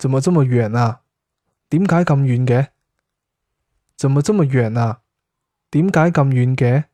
怎麼這麼遠啊？點解咁遠嘅？怎麼這麼遠啊？點解咁遠嘅？